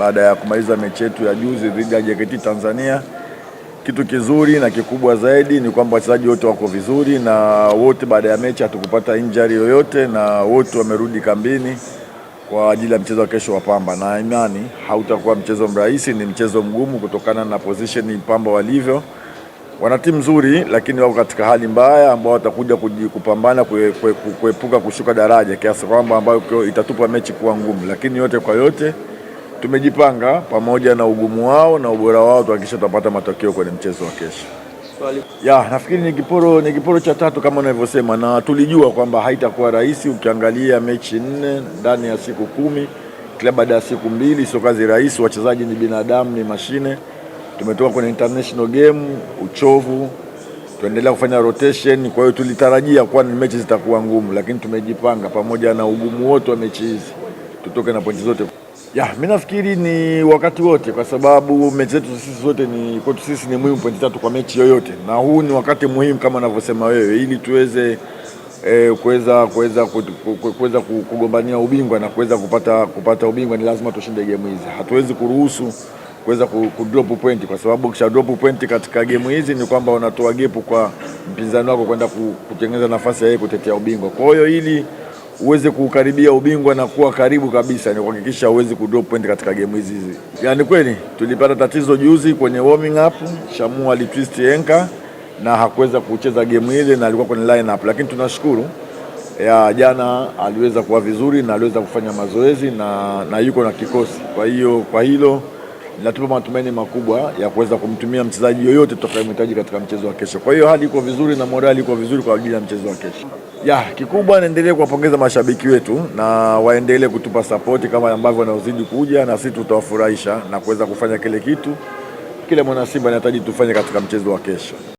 baada ya kumaliza mechi yetu ya juzi dhidi ya JKT Tanzania. Kitu kizuri na kikubwa zaidi ni kwamba wachezaji wote wako vizuri na wote baada ya mechi hatukupata injury yoyote na wote wamerudi kambini kwa ajili ya mchezo wa kesho wa Pamba, na imani hautakuwa mchezo mrahisi, ni mchezo mgumu kutokana na position Pamba walivyo. Wana timu nzuri, lakini wako katika hali mbaya, ambao watakuja kupambana kuepuka kushuka daraja, kiasi kwamba ambayo itatupa mechi kuwa ngumu, lakini yote kwa yote tumejipanga pamoja na ugumu wao na ubora wao, tuhakikisha tutapata matokeo kwenye mchezo wa kesho. Ya, nafikiri ni kiporo ni kiporo cha tatu kama unavyosema, na tulijua kwamba haitakuwa rahisi. Ukiangalia mechi nne ndani ya siku kumi kila baada ya siku mbili, sio kazi rahisi. Wachezaji ni binadamu, ni mashine. Tumetoka kwenye international game, uchovu, tuendelea kufanya rotation. Kwa hiyo tulitarajia kuwa ni mechi zitakuwa ngumu, lakini tumejipanga pamoja na ugumu wote wa mechi hizi tutoke na pointi zote. Ya, mi nafikiri ni wakati wote kwa sababu mechi zetu sisi zote ni kwetu sisi ni muhimu pointi tatu kwa mechi yoyote, na huu ni wakati muhimu kama anavyosema wewe, ili tuweze eh, kuweza kuweza kuweza kugombania ubingwa na kuweza kupata kupata ubingwa ni lazima tushinde gemu hizi. Hatuwezi kuruhusu kuweza kudrop point kwa sababu kisha drop point katika gemu hizi ni kwamba unatoa gepu kwa mpinzani wako kwenda kutengeneza nafasi ya yeye kutetea ubingwa. Kwa hiyo ili uweze kuukaribia ubingwa na kuwa karibu kabisa, ni kuhakikisha uweze kudrop point katika game hizi hizi. Yaani kweli tulipata tatizo juzi kwenye warming up, Shamu alitwist enka na hakuweza kucheza game ile, na alikuwa kwenye line up, lakini tunashukuru ya jana aliweza kuwa vizuri na aliweza kufanya mazoezi na, na yuko na kikosi. Kwa hiyo kwa hilo natupa matumaini makubwa ya kuweza kumtumia mchezaji yoyote tutakayemhitaji katika mchezo wa kesho. Kwa hiyo hali iko vizuri na morali iko vizuri kwa ajili ya mchezo wa kesho ya kikubwa, naendelee kuwapongeza mashabiki wetu na waendelee kutupa sapoti kama ambavyo wanaozidi kuja, na sisi tutawafurahisha na kuweza kufanya kile kitu kile mwana Simba anahitaji tufanye katika mchezo wa kesho.